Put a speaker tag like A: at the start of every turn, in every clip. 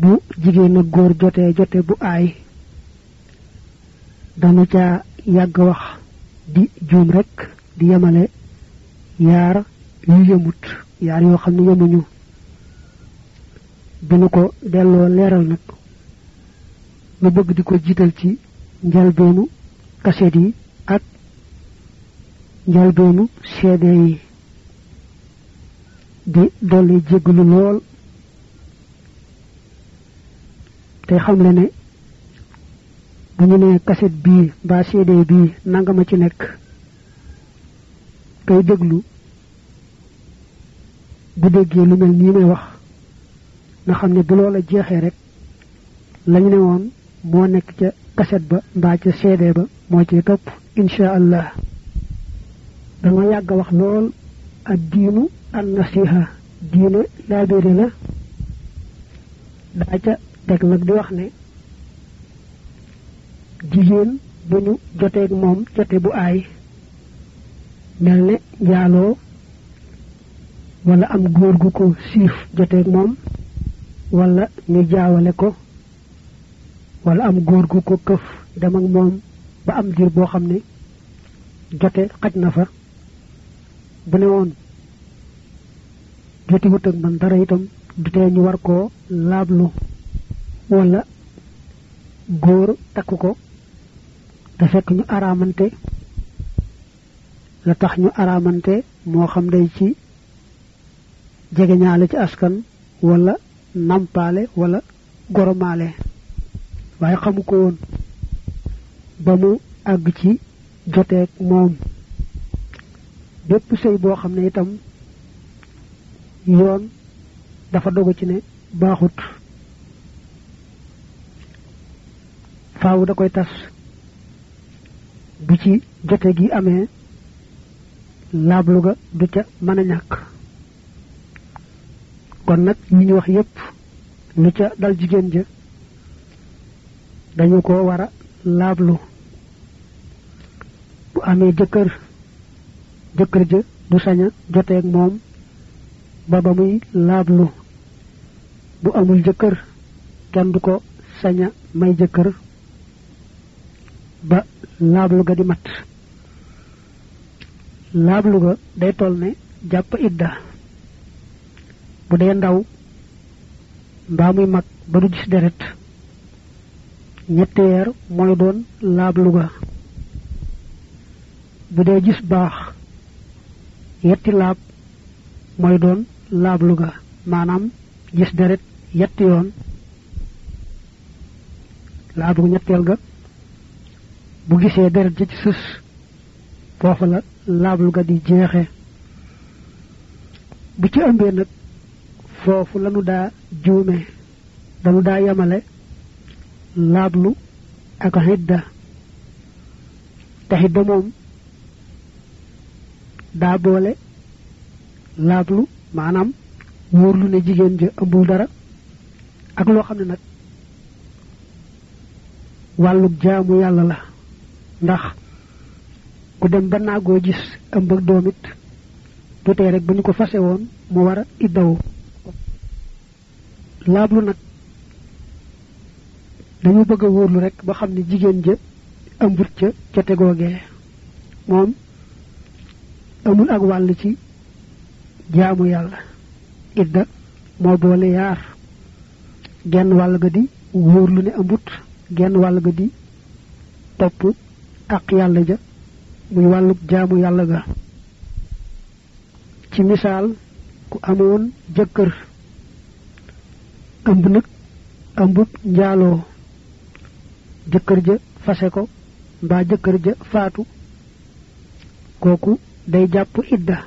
A: bu jigéen ak góor jote jote bu aay danu ca yàgg wax di juum rek di yemale yaar yu yëmut yaar yoo xam ne yemuñu bi nu ko delloo leeral nag nu bëgg di ko jiital ci doonu kaset yi ak njalbeenu seede yi di dolli jéglu lool te xam le ne bu ñu nee kaset bii mbaa CD bii ma ci nekk koy déglu bu déggee lu mel nii may wax nga xam ne bu loola jeexee rek lañu ne woon moo nekk ca kaset ba mbaa ca CD ba moo ci topp insha allah dama yàgg wax lool ak diinu an nasiha diine laa béere la daa ca teg nag di wax ne jigéen bu ñu joteeg moom jote bu aay mel ne njaaloo wala am góor gu ko siif joteeg moom wala ñu jaawale ko walla am góor gu ko këf dem ak moom ba am diir boo xam ne jote xaj na fa bu ne woon jote wut man dara itam du tee ñu war koo laablu wala góor takk ko te fekk ñu araamante la tax ñu araamante moo xam day ci jege jegeñaale ci askan wala nampaale wala goromaale waaye xamu ko woon ba mu àgg ci joteeg moom bépp sëy boo xam ne itam yoon dafa dogu ci ne baaxut faaw da koy tas bu ci jote gi amee laablu ga du ca mën a ñàkk kon nag ñi ñu wax yépp lu ca dal jigéen ja dañu ko war a laablu bu amee jëkkër jëkkër ja du sañ a joteeg moom ba ba muy laablu bu amul jëkkër kenn du ko sañ a may jëkkër ba lablu ga di mat lablu ga day tol ne japp idda bu dee ndaw ba muy mak ba du gis deret ñetteer moy doon lablu ga bu dee gis bax yetti lab moy doon lablu ga manam gis deret yetti yoon laabu ñettel ga bu gisee deret ja ci sës foofu la laablu ga di jeexe bu ci ëmbee nag foofu lanu daa juume dañu daa yemale laablu ak xidda te xidda moom daa boole laablu maanaam wóorlu ne jigéen ja ëmbul dara ak loo xam ne nag wàllu jaamu yàlla la ndax ku dem ba naagoo gis ëmb ak doomit bu tey rek bu ko fase woon mu war a iddaw laablu nag dañu bëgg a wóorlu rek ba xam ne jigéen ja ëmbut ca ca tegoogee moom amul ak wàll ci jaamu yàlla idda moo boole yaar genn wàll ga di wóorlu ne ëmbut genn wàll ga di topp ak yàlla ja muy wàlluk jaamu yàlla ga ci misaal ku amoon jëkkër ëmb nag ëmbub njaaloo jëkkër ja fase ko mbaa jëkkër ja faatu kooku day jàpp idda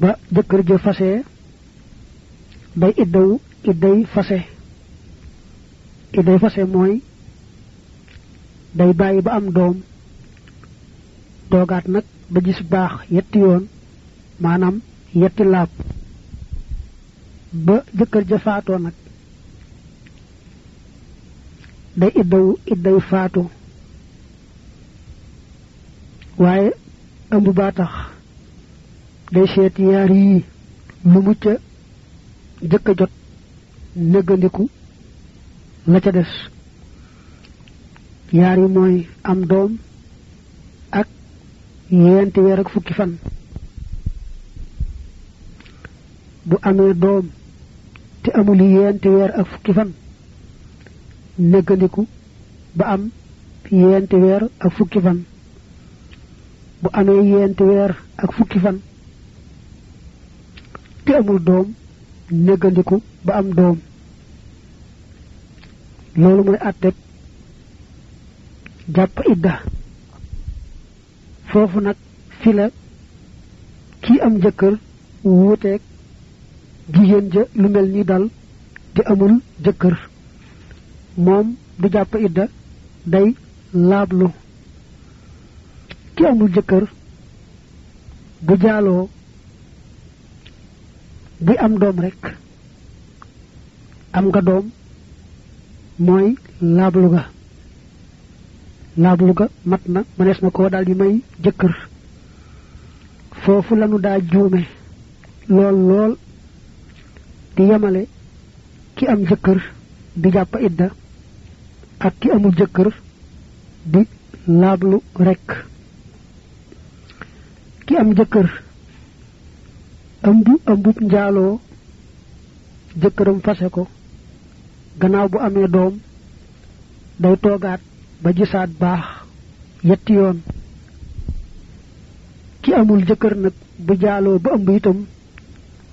A: ba jëkkër ja fase bay iddawu idday fase idday fase mooy day bàyyi ba am doom doogaat nag ba gis baax yetti yoon maanaam yetti laab ba jëkkër ja faatoo nag day iddawu idday faatu waaye ëmb baa tax day seet yaar yii lu mu ca jëkk a jot néggandiku la ca des yaar yi mooy am doom ak ñeenti ak fukki fan bu amee doom te amul yeenti ak fukki fan néggandiku ba am yeenti bu amee yeenti ak fukki fan te amul doom néggandiku ba am doom loolu mooy àtteeb japp idda fofu nak fi la kii am jëkkeur wuté jigéen ja lu mel ni dal di amul jëkkeur mom du japp idda day lablu ki amul jëkkeur bu jalo buy am dom rek am nga dom moy lablu ga laablu ga mat na mënees na koo daal di may jëkkër foofu lanu daa juume lool lool di yemale ki am jëkkër di jàpp idda ak ki amul jëkkër di laablu rekk ki am jëkkër ëmb ëmbub njaaloo jëkkëram fase ko gannaaw bu amee doom day toogaat ba gisaat baax yetti yoon ki amul jëkkër nag bu jaaloo ba ëmb itam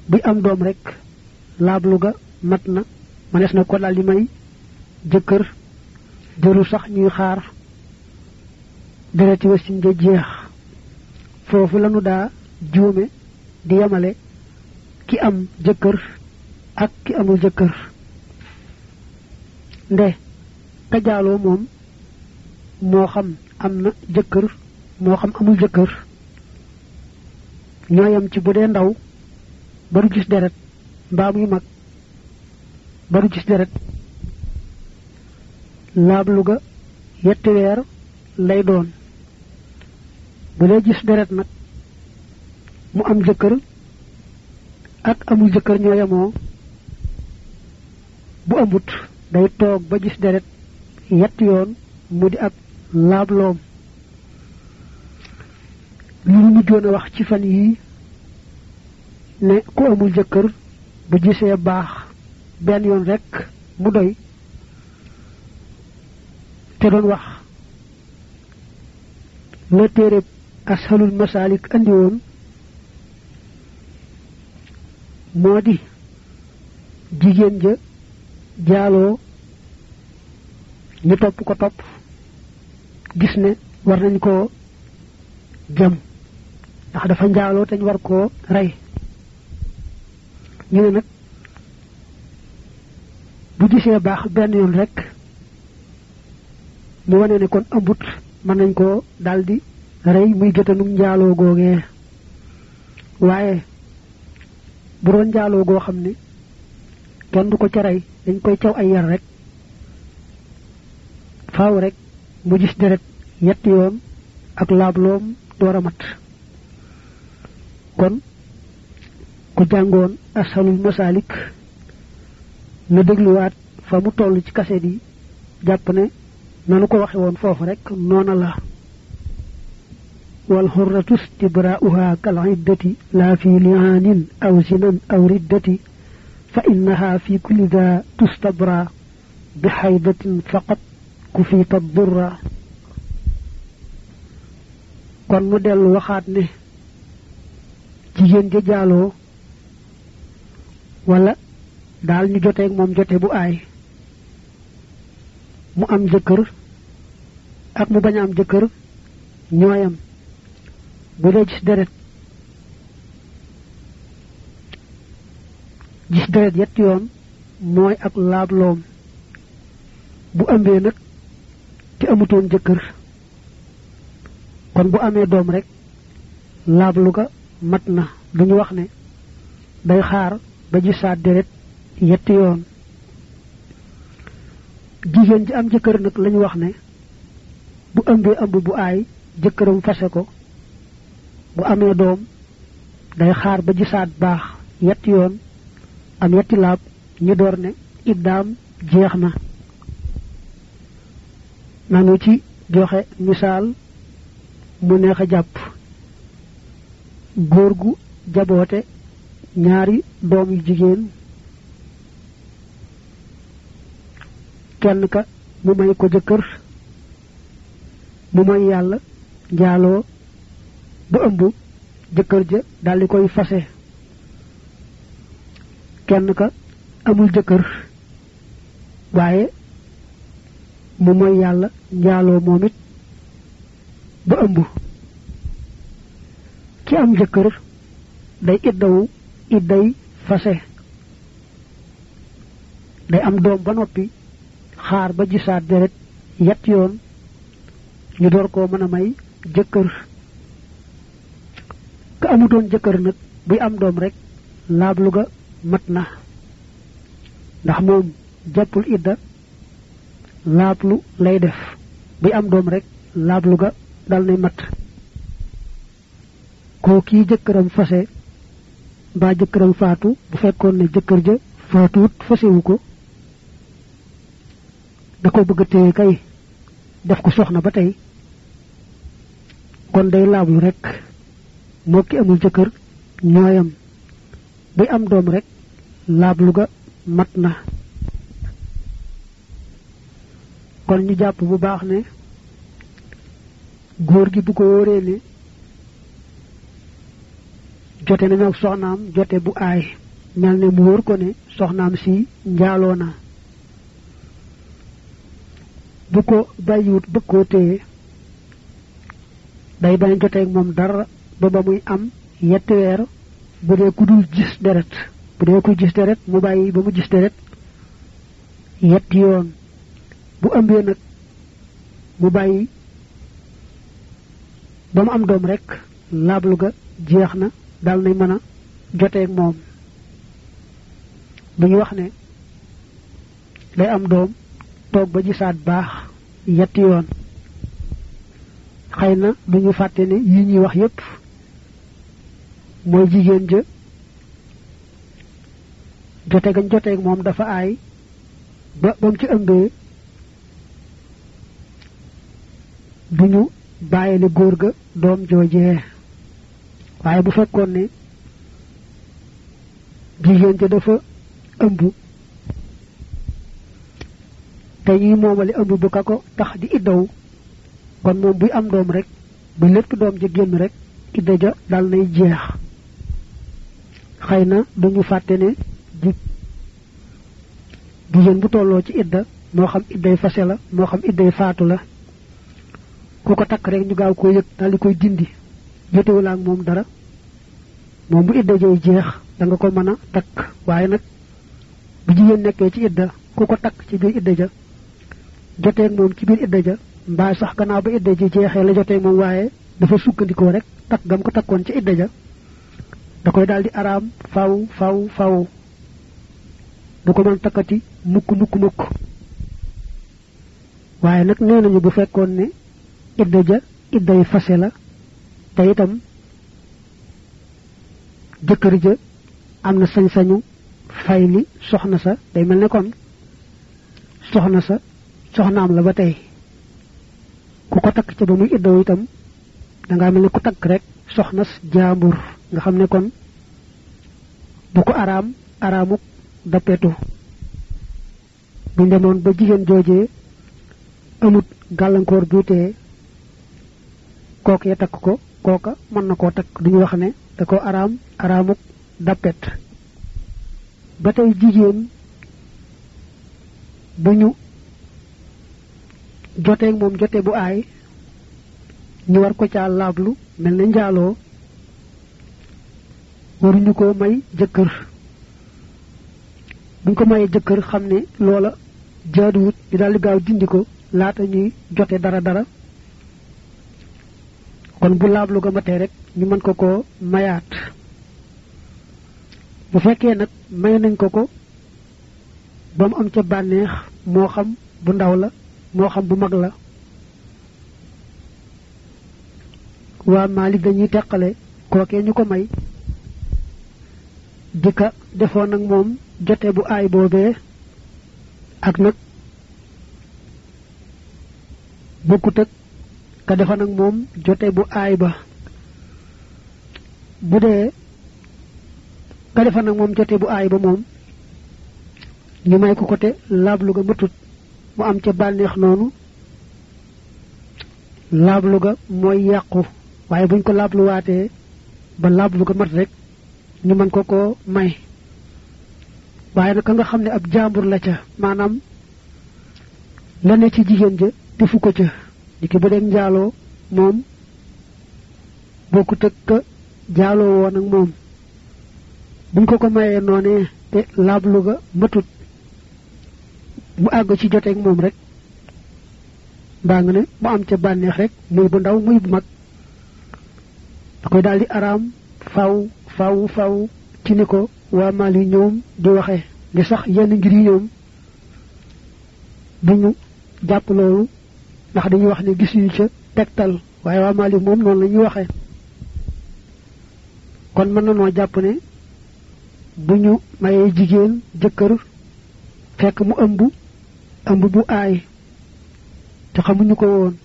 A: bu am doom rek laablu ga mat na manes na ko daal di may jëkkër jëru sax ñuy xaar dereti wasin ja jeex foofu daa juume di ki am jëkkër ak ki amul jëkkër nde ka jaaloo moom moo xam am na jëkkër moo xam amul jëkkër ñooyam ci bu dee ndaw baru gis deret mbaa muy mag baru gis deret laablu ga yetti weer lay doon bu dee gis deret nag mu am jëkkër ak amul jëkkër ñooyamoo bu amut day toog ba gis deret yett yoon mu di ak لابلوم لي ني جونا واخ سي فان يي ني كو امول جكر بو جيسه باخ بن يون ريك مو دوي تي دون واخ لا تيري اسهل المسالك اندي وون مودي جيجين جا جالو ni top ko top gis ne war nañ koo jam ndax dafa njaaloo te war koo rey ñu ne nag bu gisee baax benn yoon rek mu wane ne kon ëmbut mën nañ koo daldi rey muy gétanum njaaloo googee waaye buroon doon njaaloo goo xam ne kenn ko ca rey dañ koy caw ay yar rek faaw rek mu gis deret ñetti yoon ak laabloom door a mat kon ku jàngoon asalul masalik na dégluwaat fa mu toll ci kaset yi jàpp ne nanu ko waxe woon foofu rek noona la kal iddati la fi lianin aw لعان aw riddati fa innaha fi kulli da tustabra bi بحيضة faqat كفيت الضر kon mu dellu waxaat ne jigéen ja jaaloo wala dal ñu joteeg moom jote bu aay mu am jëkkër ak mu bañ am jëkkër ñooyam bu dee gis deret gis deret yett yoon mooy ak laabloom bu ëmbee nag te amutoon jëkkër kon bu amee doom rek laablu ga mat na duñu wax ne day xaar ba deret yett yoon jigéen ji am jëkkër nag lañu wax ne bu ëmbee ëmb bu aay jëkkëram fase ko bu amee dom day xaar ba gisaat baax yett yoon am yetti laab ñu door ne iddaam jeex nanu ci joxe misaal mu neex a jàpp góor gu jaboote ñaari doom yu jigéen kenn ka mu may ko jëkkër mu may yàlla njaaloo ba ëmb jëkkër ja daldi koy fase kenn ka amul jëkkër waaye mu moy yalla njaaloo momit ba ëmb ki am jëkkër day iddaw idday fasé day am doom ba noppi xaar ba gisaat deret yat yoon ñu door koo mën may jëkkër ka amutoon jëkkër nag buy am doom rek laablu ga mat na ndax moom jàppul idda laablu lay def buy am doom rek laablu ga dal nay mat koo kii jëkkëram fase mbaa jëkkëram faatu bu fekkoon ne jëkkër ja faatuwut fasewu ko da ko bëgg a téye kay def ko soxna ba tey kon day laablu rek moo ki amul jëkkër ñooyam buy am doom rek laablu ga mat na kon ñu jàpp bu baax ne góor gi bu ko wóoree ne jote nañu ak soxnaam jote bu ay mel ne mu wóor ko ne soxnaam si njaaloo na bu ko bàyyiwut bëgg ko téye day bañ joteeg moom dara ba ba muy am yetti weer bu dee ku dul gis deret bu dee ku gis deret mu bàyyi ba mu gis deret yetti yoon bu ëmbee nag mu bàyyi ba mu am doom rek laablu ga jeex dal nay mën a jotee moom bu ñu wax ne day am doom toog ba gisaat baax yett yoon xëy na du ñu fàtte ne yi ñuy wax yépp mooy jigéen ja jote gañ joteeg moom dafa aay ba ba mu ci ëmbee du ñu bàyyile góor ga doom joo joojee waaye bu fekkoon ne jigéen ja dafa ëmb te ñuy moomale ëmb bu ka ko tax di iddaw kon moom buy am doom rekk ba lépp doom ja génn rek idda ja dal nay jeex xëy na dañu fàtte ne ji jigéen bu tolloo ci idda moo xam idday fase la moo xam idday faatu la ku ko takk rek ñu gaaw koo yëg daal di koy dindi jotewul ak moom dara moom bu idda joy jeex da ko mën a takk waaye nag bu jigéen nekkee ci idda ku ko takk ci biir idda ja joteeg moom ci ba idda ji la jotee moom waaye dafa sukkandikoo rek takk gam ko takkoon ci idda da koy daal di araam faw faw faw bu ko mën takkati mukk mukk mukk waaye nag nee nañu bu fekkoon ne idda ja idday fasé la te itam jëkkër ja am na sañ-sañu fay li soxna sa day mel ne kon soxna sa soxnaam la ba tey ku ko takk ca ba muy itam da ngaa mel ku takk rek soxnas jaambur nga xam ne kon bu ko araam araamuk dappetu buñ demoon ba jigéen joojee amut gàllankoor kooku ya takk ko kooka mën na koo takk duñu wax ne da ko araam araamuk dappet ba tey jigéen bu ñu joteeg moom jote bu aay ñu war ko caa laablu mel na njaaloo waruñu ko may jëkkër buñ ko mayee jëkkër xam ne loola jaaduwut ñu daal di gaaw dindi ko laata ñuy jote dara dara kon bu laab ga matee rek ñu mën ko ko mayaat bu fekkee nag may nañ ko ko ba am ca bànneex moo xam bu ndaw la moo xam bu mag la waa Maalik dañuy teqale kookee ñu ko may di defoon nag moom jote bu aay boobee ak nag bokkut ak ka defa nag moom jote bu aay ba bu dee ka moom jote bu aay ba moom ñu may ko ko te laablu ga matut mu am ca bànneex noonu laablu ga mooy yàqu waaye buñ ko laabluwaatee ba laablu ga mat rek ñu man ko ko may waaye nag ka nga xam ne ab jaambur la ca maanaam la ne ci jigéen ja defu ko ca li ki bu dee njaaloo moom bokkut ak jaaloo woon ak moom buñ ko ko mayee noonee te laablu ga matut mu àgg ci joteeg moom rek ba nga ne mu am ca bànneex rek muy bu ndaw muy bu mag da koy daal di araam faw faw faw ci ni ko waa Mali ñoom di waxe di sax yenn ngir yi bu ñu jàpp loolu ndax dañuy wax ne gisuñu ca tegtal waaye waa Maalik moom noonu la ñuy waxee kon mën na noo jàpp ne bu ñu mayee jigéen jëkkër fekk mu ëmb ëmb bu aay te xamuñu ko woon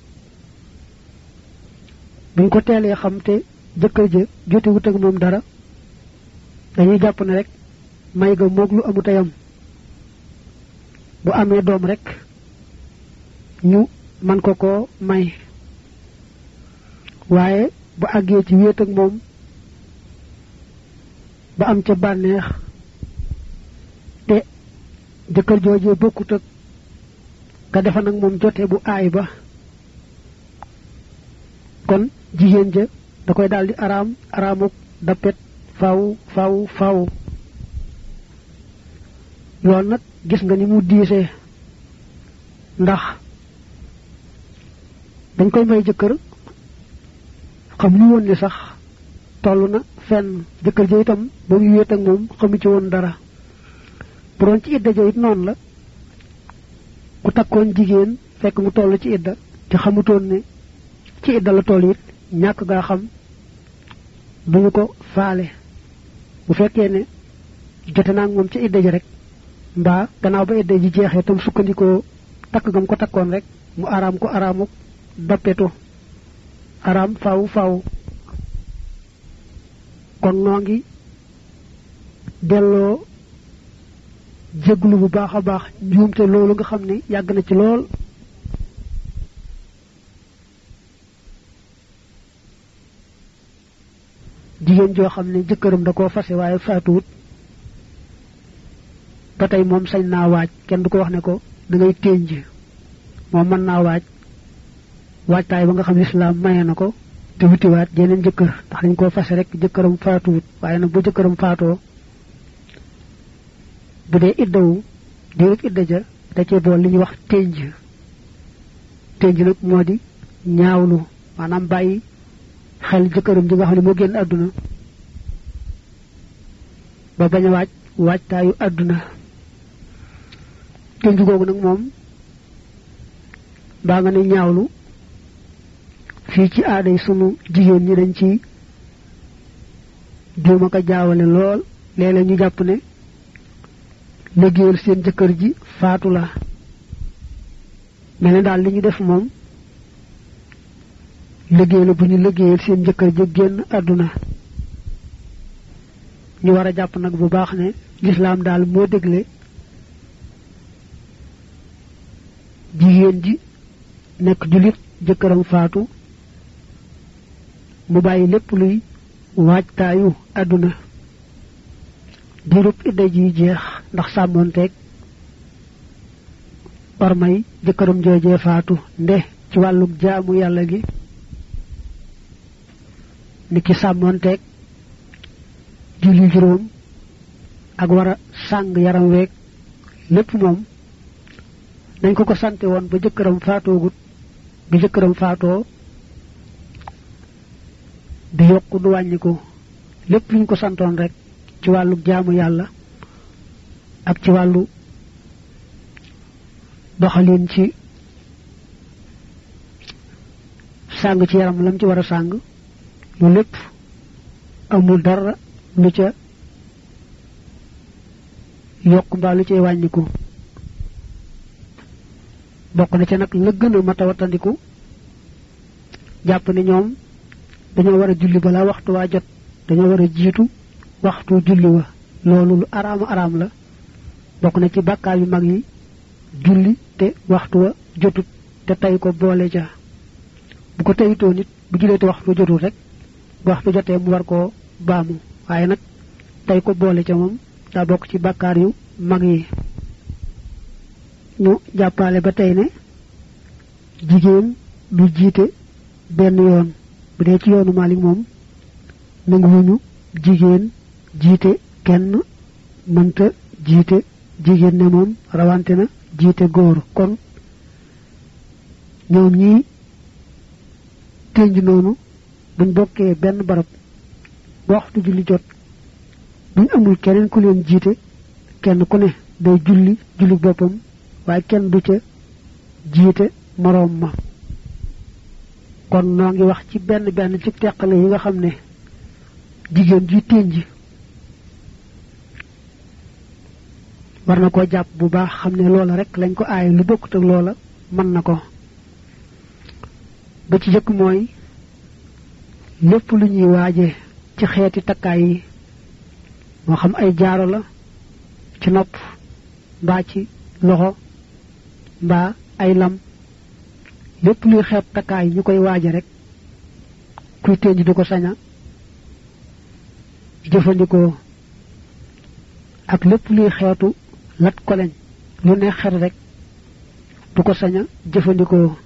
A: buñ ko teelee xam te jëkkër ja jotewut ak moom dara dañu jàpp ne rek may ga moog lu amu bu amee doom rekk ñu man ko ko may waaye bu àggee ci wéet moom ba am ca bànneex te jëkkër joojee bokkut ak ka defa nag moom jote bu aay ba kon jigéen ja da koy daldi araam araamuk dappet faw faw faw yoon nag gis nga ni mu diisee ndax dañ koy may jëkkër xam lu woon ni sax toll na fenn jëkkër ja itam ba muy wéet ak moom xamu ci woon dara bu doon ci idda ja noonu la ku takkoon jigéen fekk mu toll ci idda te xamutoon ne ci idda la toll it ñàkk gaa xam bu duñu ko faale bu fekkee ne jote naa moom ci idda ji rek mbaa gannaaw ba idda ji jeexee tam sukkandikoo takk gam ko takkoon rek mu araam ko araamuk bappetu araam faw faw kon noo ngi delloo jéglu bu baax a baax njuumte loolu nga xam ne yàgg na ci lool jigéen joo xam ne jëkkëram da koo fase waaye faatuwut ba tey moom sañ naa waaj kenn du ko wax ne ko dangay ngay ténj moom mën naa waaj waajtaay ba nga xam ne islaam maye na ko te wutiwaat jeneen jëkkër ndax dañ koo fase rek jëkkëram faatuwut waaye nag bu jëkkëram faatoo bu dee iddawu diirub idda ja da bool li ñuy wax ténj ténj nag moo di ñaawlu maanaam bàyyi xel jëkkëram ji nga xam ne moo génn àdduna ba bañ a waaj waajtaayu àdduna ténj googu nag moom baa nga ne ñaawlu fii ci aaday sunu jigéen ñi dañ ci juum ak a jaawale lool léeg ñu jàpp ne liggéeyal seen jëkkër ji faatu la mel ne daal li ñu def moom liggéey la bu ñu liggéeyal seen jëkkër ji génn àdduna ñu war a jàpp nag bu baax ne lislaam daal moo dégle jigéen ji nekk jullit jëkkëram faatu mu bàyyi lépp luy waajtaayu àdduna diirub idda ji jeex ndax sàmmoonteeg ormay jëkkëram joojee faatu nde ci wàlluk jaamu yàlla gi ni ki sàmmoonteeg julli juróom ak war a sàng yaram weeg lépp moom dañ ko ko sante woon ba jëkkëram faatoogut bi jëkkëram faatoo du yokku du wàññiku lépp luñ ko santoon rek ci wàllu jaamu yàlla ak ci wàllu doxalin ci sàng ci yaram lam ci war a sàng lu lépp amul dara lu ca yokk mbaa lu cay wàññiku bokk na ca nag la gën a mat a wattandiku jàpp ni ñoom dañu wara julli wajat waxtu waa jot dañoo war waxtu julli wa loolu lu aram araam la bok na ci bàkkaar yu mag yi julli te waxtu wa jotut te tay ko bolé ja bu ko to nit bu julé te waxtu wa rek waxtu joté mu war ko baamu waye nak tay ko bolé ja mom da bok ci bakkar yu mag yi ñu jappalé ba tay ne jigéen du jité ben yoon bu dee ci yoonu Malik moom nanguwuñu jigéen jiite kenn mënta jiite jigéen ne moom rawante na jiite góor kon ñoom ñii tënj noonu buñ bokkee benn barab ba waxtu julli jot buñ amul keneen ku leen jiite kenn ku ne day julli julli boppam waaye kenn du ca jiite moroom ma kon noo ngi wax ci benn benn ci teqale yi nga xam ne jigéen ji ténj war na koo jàpp bu baax xam ne loola rek lañ ko aaye lu bokkute loola mën na ko ba ci jëkk mooy lépp lu ñuy waaje ci xeeti takkaay yi moo xam ay jaaro la ci napp mbaa ci loxo mbaa ay lam lépp luy xeet takkaay ñu koy waaje rek kuy tëj du ko saña jëfandikoo ak lépp luy xeetu lat koleñ lu neex xet rek du ko saña jëfandikoo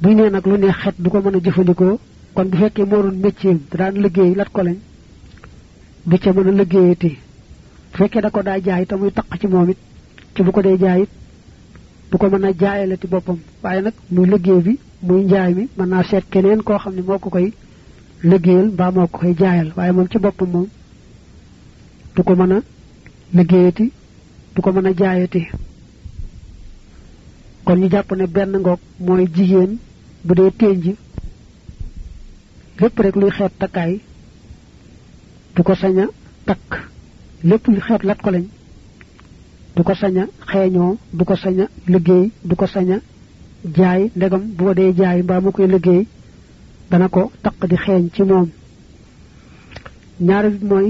A: bu nee nag lu neex xet du ko mën a jëfandikoo kon bu fekkee moo doon métier daan liggéey lat koleñ du ca mën a liggéeyati bu fekkee da ko daa jaay te muy tax ci moomit it ci bu ko dee jaay it bu ko mën a jaayalati boppam waaye nag muy liggéey bi muy njaay mi mën naa seet keneen koo xam ne moo ko koy liggéeyal mbaa moo ko koy jaayal waaye moom ci boppam moom du ko mën a liggéeyati du ko mën a jaayeete kon ñu jàpp ne benn ngoog mooy jigéen bu dee téen ji lépp rek luy xeet takkaay du ko saña a takk lépp lu xeet lat ko lañ du ko sañ xeeñoo du ko saña liggéey du ko saña jaay ndegam boo dee jaay mbaa mu koy liggéey dana ko taq di xeeñ ci moom ñaari bi mooy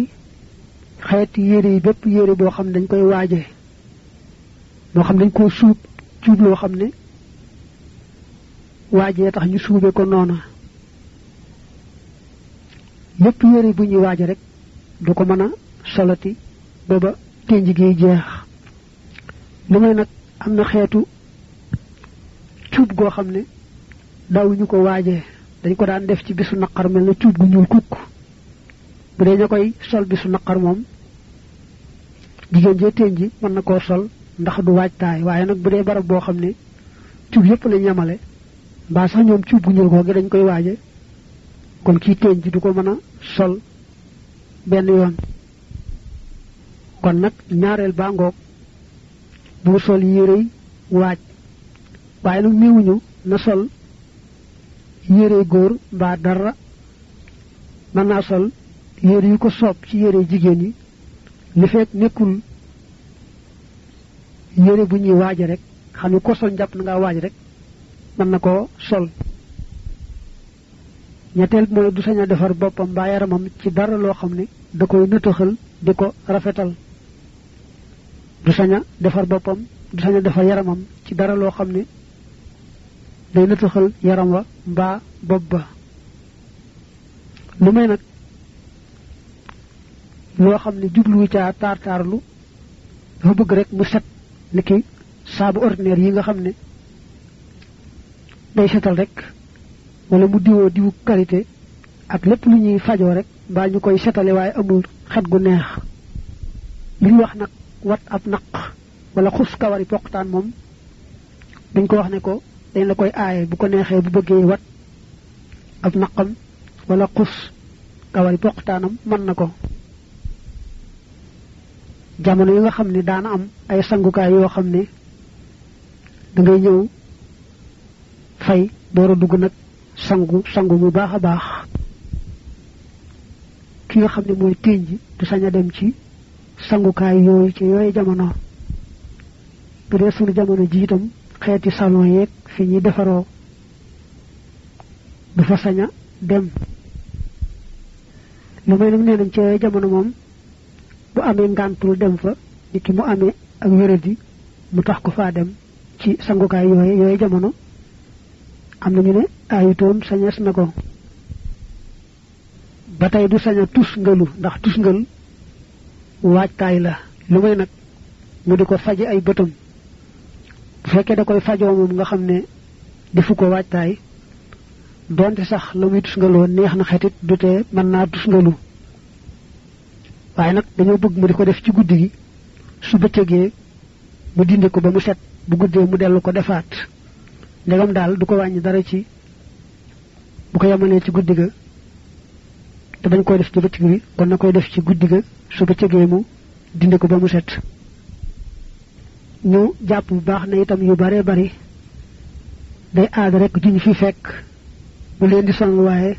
A: xeeti yére yi bépp yére boo xam ne dañ koy waajee moo xam dañ koo suub cuub loo xam ne waajee tax ñu suubee ko noona yépp yére bu ñuy waaje rek du ko mën a solati booba ténj gi jeex lu may nag am na xeetu cuub goo xam ne daawuñu ko waaje dañ ko daan def ci bisu naqar mel na cuub gu ñuul kukk bu dee ña koy sol bisu naqar moom jigéen jee téen ji mën na koo sol ndax du waaj taay waaye nag bu dee barab boo xam ne cuub yëpp la ñamale mbaa sax ñoom cuub gu ñuul koo dañ koy waaje kon kii téen ji du ko mën a sol benn yoon kon nag ñaareel baa ngoog bu sol yérey waaj waaye nag néewuñu na sol yérey góor mbaa dara mën naa sol yére yu ko soob ci yére jigéen yi li fekk nekkul yére bu ñuy waaje rek xam ne ko sol njàpp na ngaa waaj rek mën na ko sol ñetteel mooy du sañ a defar boppam mbaa yaramam ci dara loo xam ne da koy nëtëxal di ko rafetal du saña defar boppam du saña defar yaramam ci dara loo xam ne day nëtëxal yaram wa mbaa bopp ba lu may nag loo xam ne jubluwu caa taar taarlu dafa bëgg rek mu set niki saabu ordinaire yi nga xam ne day setal rek wala mu diwoo diwu qualité ak lépp lu ñuy fajoo rek mbaa ñu koy setale amul xet gu neex li wax nag wat ab naq wala xus kawari poqtaan moom duñ ko wax ne ko dañ la koy aaye bu ko neexee bu bëggee wat ab naqam wala xus kawari poqtaanam mën na ko jamono yi nga xam ne daana am ay sangukaay yoo xam ne dangay ñëw fay door dugg nag sangu sangu bu baax a baax ki nga xam ne mooy téeñ ji du sañ a dem ci sangukaay yooyu ci yooyu jamono bu dee sunu jamono jiitam xeeti salon yeeg fi ñuy defaroo du fa saña dem lu may nag nee nañ ci yooyu jamono moom bu amee ngàntul dem fa ni mu amee ak wéradi mu tax ko faa dem ci sangukaay yooyu yooyu jamono am na ñu ne ayutoon sañees na ko ba tey du saña tus ngalu ndax tus ngalu waajtaay la lu may nag mu di ko faje ay bëtam bu fekkee da koy fajoo moom nga xam ne defu ko waajtaay doonte sax la muy tusngaloo neex na xetit du tee mën naa tusngalu waaye nag dañoo bëgg mu di ko def ci guddi gi su bëccëgee mu dindi ko ba mu set bu guddee mu dellu ko defaat ndegam daal du ko wàññi dara ci bu ko yemalee ci guddi ga te bañ koy def ci bëccëg kon na koy def ci guddi ga su bëccëgee mu dindi ko ba mu set ñu jàpp bu baax na itam yu bare bari day aada rek juñ fi fekk bu leen di song waaye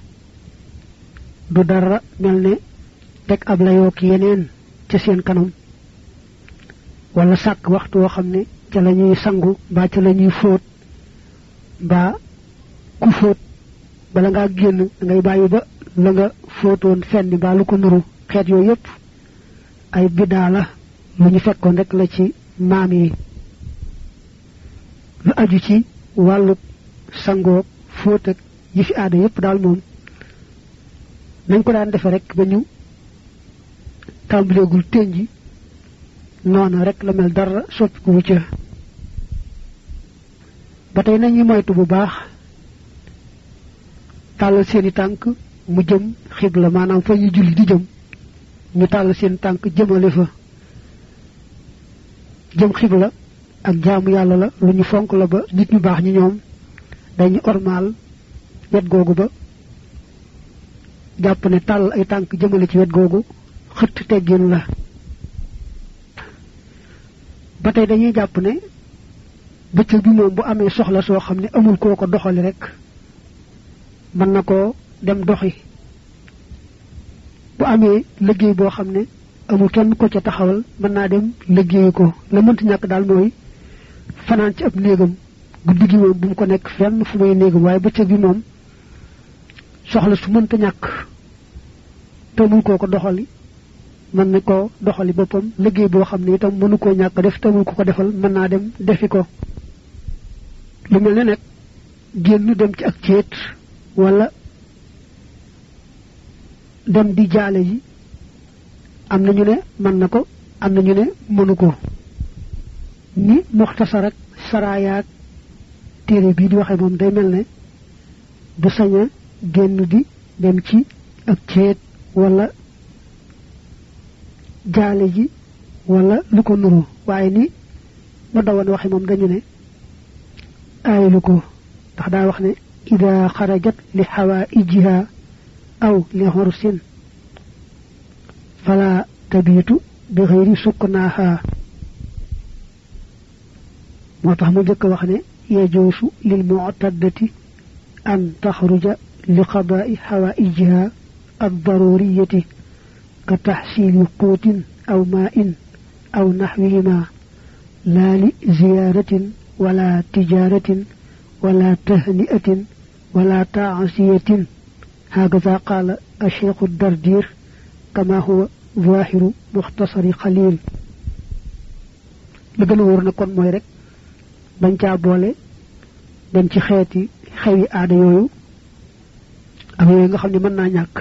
A: du dara mel ne teg ab la yook yeneen ca seen kanam wala sàkk waxtu woo xam ne ca la ñuy sangu ba ca la ñuy fóot mbaa ku fóot bala ngaa génn da bàyyi ba la nga fóotoon fenn mbaa lu ko nuru xeet yooyu ay biddaa la lu ñu fekkoon rek la ci maam yi lu aju ci wàllu sangoog fóot ak yi fi aada yëpp daal moom nañ ko daan defe rek ba ñu tàmbaleegul tëñ ji noona rek la mel dara soppi ko wu ca ba tey nañuy moytu bu baax tàllal seeni tànk mu jëm xibla maanaam fa ñu julli di jëm ñu tàll seen tànk jëmale fa jëm xibla ak jaamu yàlla la lu ñu fonk la ba nit ñu baax ñi ñoom dañu ormaal wet googu ba jàpp ne tàll ay tànk jëmale ci wet googu xëtt teggin la ba tey dañuy jàpp ne bëccëg bi moom bu amee soxla soo xam ne amul koo ko doxali rek mën na koo dem doxi bu amee liggéey boo xam ne amul kenn ko ca taxawal mën naa dem liggéeyi ko la mënti ñàkk daal mooy fanaan ci ab néegam guddi gi moom bu mu ko nekk fenn fu may néegam waaye bëccëg bi moom soxla su mënta ñàkk te mun koo ko doxali mën na koo doxali boppam liggéey boo xam ne itam mënu koo ñàkk def te ko ko defal mën naa dem defi ko lu mel ne nag génn dem ci ak céet wala dem di jaale yi am na ñu ne mën na ko am na ñu ne mënu ko ni muxtasar ak saraayaak téere bii di waxee moom day mel ne du sañ a génn di dem ci ak ceet wala jaale ji wala lu ko nuru waaye ni mu dawoon waxe moom dañu ne aayalu ko ndax daa wax ne ida xarajat li xawaa ijiha أو لهرس فلا تبيت بغير سكناها وطهم ذك يجوز للمعتدة أن تخرج لقضاء حوائجها الضرورية كتحصيل قوت أو ماء أو نحوهما لا لزيارة ولا تجارة ولا تهنئة ولا تعصية هكذا قال الشيخ الدردير كما هو ظاهر مختصر خليل لغن ورنا كون موي رek dañ ca boole dem ci xeeti xewi aada yooyu ak yooyu nga xam ne mën naa ñàkk